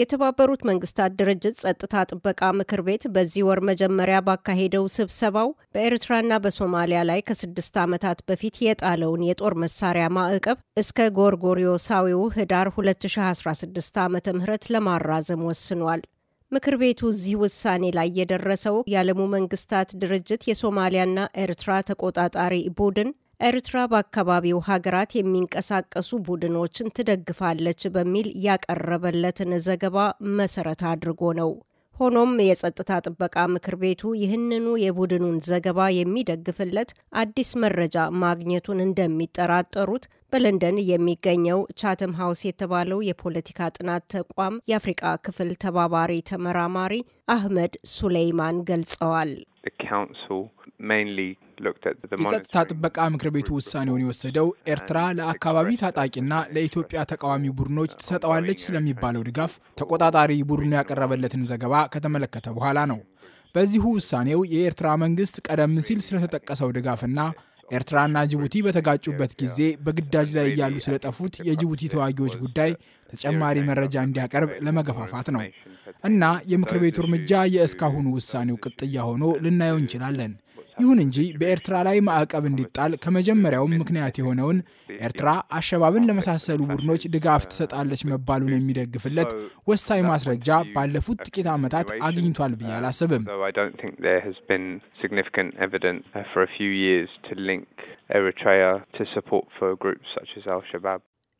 የተባበሩት መንግስታት ድርጅት ጸጥታ ጥበቃ ምክር ቤት በዚህ ወር መጀመሪያ ባካሄደው ስብሰባው በኤርትራና በሶማሊያ ላይ ከስድስት ዓመታት በፊት የጣለውን የጦር መሳሪያ ማዕቀብ እስከ ጎርጎሪዮሳዊው ህዳር 2016 ዓ ም ለማራዘም ወስኗል። ምክር ቤቱ እዚህ ውሳኔ ላይ የደረሰው የዓለሙ መንግስታት ድርጅት የሶማሊያና ኤርትራ ተቆጣጣሪ ቡድን ኤርትራ በአካባቢው ሀገራት የሚንቀሳቀሱ ቡድኖችን ትደግፋለች በሚል ያቀረበለትን ዘገባ መሰረት አድርጎ ነው። ሆኖም የጸጥታ ጥበቃ ምክር ቤቱ ይህንኑ የቡድኑን ዘገባ የሚደግፍለት አዲስ መረጃ ማግኘቱን እንደሚጠራጠሩት በለንደን የሚገኘው ቻተም ሀውስ የተባለው የፖለቲካ ጥናት ተቋም የአፍሪቃ ክፍል ተባባሪ ተመራማሪ አህመድ ሱሌይማን ገልጸዋል። የጸጥታ ጥበቃ ምክር ቤቱ ውሳኔውን የወሰደው ኤርትራ ለአካባቢ ታጣቂና ለኢትዮጵያ ተቃዋሚ ቡድኖች ትሰጠዋለች ስለሚባለው ድጋፍ ተቆጣጣሪ ቡድኑ ያቀረበለትን ዘገባ ከተመለከተ በኋላ ነው። በዚሁ ውሳኔው የኤርትራ መንግስት ቀደም ሲል ስለተጠቀሰው ድጋፍና ኤርትራና ጅቡቲ በተጋጩበት ጊዜ በግዳጅ ላይ እያሉ ስለጠፉት የጅቡቲ ተዋጊዎች ጉዳይ ተጨማሪ መረጃ እንዲያቀርብ ለመገፋፋት ነው እና የምክር ቤቱ እርምጃ የእስካሁኑ ውሳኔው ቅጥያ ሆኖ ልናየው እንችላለን። ይሁን እንጂ በኤርትራ ላይ ማዕቀብ እንዲጣል ከመጀመሪያውም ምክንያት የሆነውን ኤርትራ አሸባብን ለመሳሰሉ ቡድኖች ድጋፍ ትሰጣለች መባሉን የሚደግፍለት ወሳኝ ማስረጃ ባለፉት ጥቂት ዓመታት አግኝቷል ብዬ አላስብም።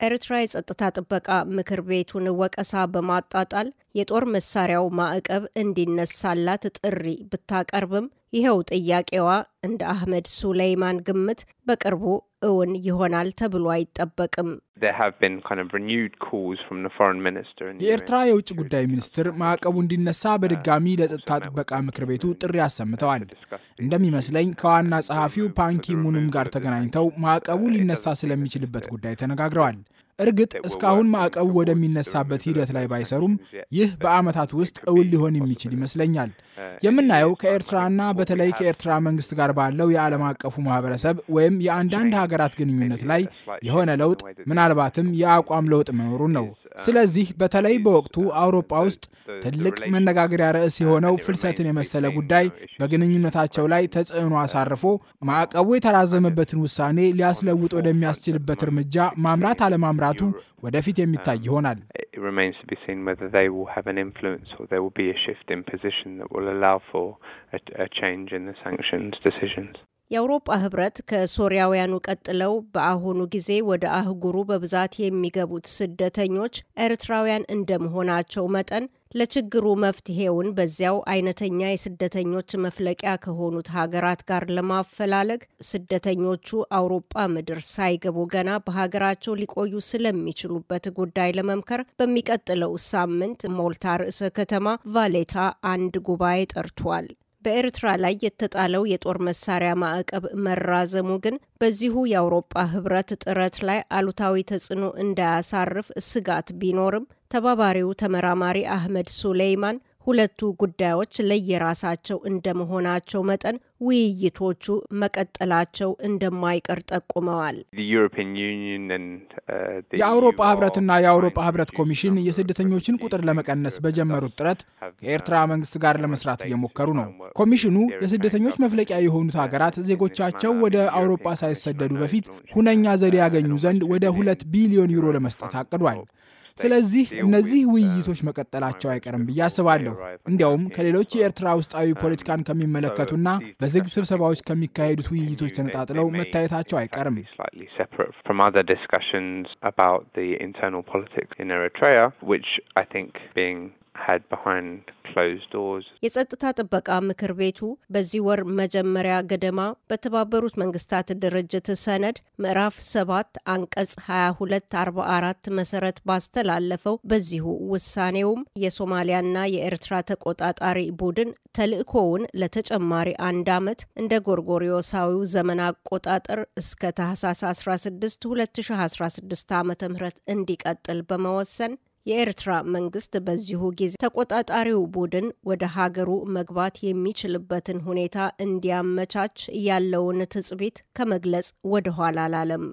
ኤርትራ የጸጥታ ጥበቃ ምክር ቤቱን ወቀሳ በማጣጣል የጦር መሳሪያው ማዕቀብ እንዲነሳላት ጥሪ ብታቀርብም ይኸው ጥያቄዋ እንደ አህመድ ሱለይማን ግምት በቅርቡ እውን ይሆናል ተብሎ አይጠበቅም። የኤርትራ የውጭ ጉዳይ ሚኒስትር ማዕቀቡ እንዲነሳ በድጋሚ ለጸጥታ ጥበቃ ምክር ቤቱ ጥሪ አሰምተዋል። እንደሚመስለኝ ከዋና ጸሐፊው ፓንኪሙንም ጋር ተገናኝተው ማዕቀቡ ሊነሳ ስለሚችልበት ጉዳይ ተነጋግረዋል። እርግጥ እስካሁን ማዕቀቡ ወደሚነሳበት ሂደት ላይ ባይሰሩም ይህ በዓመታት ውስጥ እውን ሊሆን የሚችል ይመስለኛል። uh, የምናየው ከኤርትራና በተለይ ከኤርትራ መንግስት ጋር ባለው የዓለም አቀፉ uh, ማህበረሰብ ወይም የአንዳንድ ሀገራት ግንኙነት ላይ የሆነ ለውጥ ምናልባትም የአቋም ለውጥ መኖሩን ነው። ስለዚህ በተለይ በወቅቱ አውሮፓ ውስጥ ትልቅ መነጋገሪያ ርዕስ የሆነው ፍልሰትን የመሰለ ጉዳይ በግንኙነታቸው ላይ ተጽዕኖ አሳርፎ ማዕቀቡ የተራዘመበትን ውሳኔ ሊያስለውጥ ወደሚያስችልበት እርምጃ ማምራት አለማምራቱ ወደፊት የሚታይ ይሆናል። የአውሮፓ ህብረት ከሶሪያውያኑ ቀጥለው በአሁኑ ጊዜ ወደ አህጉሩ በብዛት የሚገቡት ስደተኞች ኤርትራውያን እንደመሆናቸው መጠን ለችግሩ መፍትሄውን በዚያው አይነተኛ የስደተኞች መፍለቂያ ከሆኑት ሀገራት ጋር ለማፈላለግ ስደተኞቹ አውሮፓ ምድር ሳይገቡ ገና በሀገራቸው ሊቆዩ ስለሚችሉበት ጉዳይ ለመምከር በሚቀጥለው ሳምንት ሞልታ ርዕሰ ከተማ ቫሌታ አንድ ጉባኤ ጠርቷል። በኤርትራ ላይ የተጣለው የጦር መሳሪያ ማዕቀብ መራዘሙ ግን በዚሁ የአውሮፓ ህብረት ጥረት ላይ አሉታዊ ተጽዕኖ እንዳያሳርፍ ስጋት ቢኖርም ተባባሪው ተመራማሪ አህመድ ሱሌይማን ሁለቱ ጉዳዮች ለየራሳቸው እንደመሆናቸው መጠን ውይይቶቹ መቀጠላቸው እንደማይቀር ጠቁመዋል። uh, የአውሮፓ ህብረትና የአውሮፓ ህብረት ኮሚሽን የስደተኞችን ቁጥር ለመቀነስ በጀመሩት ጥረት ከኤርትራ መንግስት ጋር ለመስራት እየሞከሩ ነው። ኮሚሽኑ የስደተኞች መፍለቂያ የሆኑት ሀገራት ዜጎቻቸው ወደ አውሮፓ ሳይሰደዱ በፊት ሁነኛ ዘዴ ያገኙ ዘንድ ወደ ሁለት ቢሊዮን ዩሮ ለመስጠት አቅዷል። ስለዚህ እነዚህ uh, ውይይቶች መቀጠላቸው አይቀርም ብዬ አስባለሁ። እንዲያውም ከሌሎች uh, የኤርትራ ውስጣዊ ፖለቲካን ከሚመለከቱና uh, በዝግ ስብሰባዎች ከሚካሄዱት ውይይቶች ተነጣጥለው መታየታቸው አይቀርም። የጸጥታ ጥበቃ ምክር ቤቱ በዚህ ወር መጀመሪያ ገደማ በተባበሩት መንግስታት ድርጅት ሰነድ ምዕራፍ 7 አንቀጽ 2244 መሰረት ባስተላለፈው በዚሁ ውሳኔውም የሶማሊያና የኤርትራ ተቆጣጣሪ ቡድን ተልእኮውን ለተጨማሪ አንድ ዓመት እንደ ጎርጎሪዮሳዊው ዘመን አቆጣጠር እስከ ታህሳስ 16 2016 ዓ ም እንዲቀጥል በመወሰን የኤርትራ መንግስት በዚሁ ጊዜ ተቆጣጣሪው ቡድን ወደ ሀገሩ መግባት የሚችልበትን ሁኔታ እንዲያመቻች ያለውን ትጽቢት ከመግለጽ ወደኋላ አላለም።